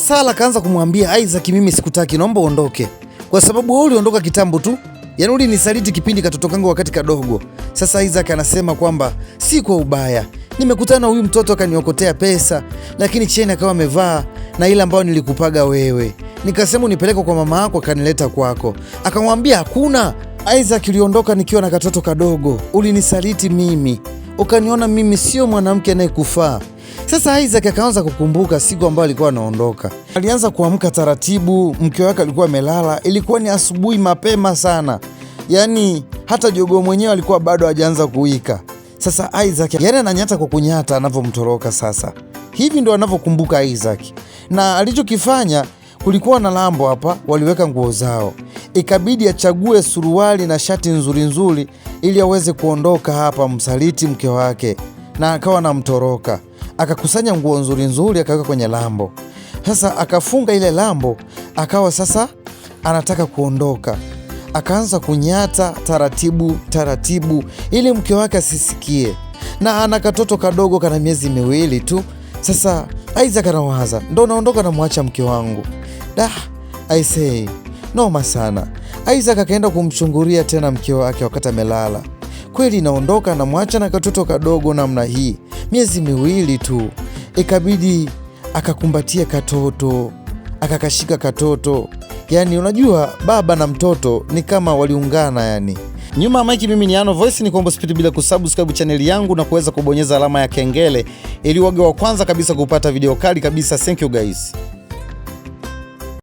sala akaanza kumwambia Isaac, mimi sikutaki, naomba uondoke, kwa sababu wewe uliondoka kitambo tu, yaani ulinisaliti kipindi katoto kangu wakati kadogo. Sasa Isaac anasema kwamba si kwa ubaya, nimekutana huyu mtoto akaniokotea pesa, lakini cheni akawa amevaa na ile ambayo nilikupaga wewe, nikasema unipeleke kwa mama yako, akanileta kwako. Akamwambia hakuna Isaac, uliondoka nikiwa na katoto kadogo, ulinisaliti mimi, ukaniona mimi sio mwanamke anayekufaa sasa Isaac akaanza kukumbuka siku ambayo alikuwa anaondoka. Alianza kuamka taratibu, mke wake alikuwa amelala. Ilikuwa ni asubuhi mapema sana, yaani hata jogoo mwenyewe alikuwa bado hajaanza kuwika. Sasa Isaac yani ananyata kwa kunyata anavyomtoroka. Sasa hivi ndo anavyokumbuka Isaac, na alichokifanya kulikuwa na lambo hapa, waliweka nguo zao, ikabidi achague suruali na shati nzuri nzuri ili aweze kuondoka hapa, msaliti mke wake, na akawa anamtoroka akakusanya nguo nzuri nzuri akaweka kwenye lambo. Sasa akafunga ile lambo, akawa sasa anataka kuondoka, akaanza kunyata taratibu taratibu, ili mke wake asisikie, na ana katoto kadogo kana miezi miwili tu. Sasa Isaac anawaza, ndo naondoka namwacha mke wangu. Da, aisei noma sana. Isaac akaenda kumchungulia tena mke wake wakati amelala. Kweli naondoka namwacha na katoto kadogo namna hii miezi miwili tu, ikabidi akakumbatia katoto akakashika katoto. Yani unajua baba na mtoto ni kama waliungana yani. Nyuma ya maiki, mimi ni Ano Voice, ni kuomba spidi bila kusubscribe chaneli yangu na kuweza kubonyeza alama ya kengele ili wage wa kwanza kabisa kupata video kali kabisa. Thank you guys.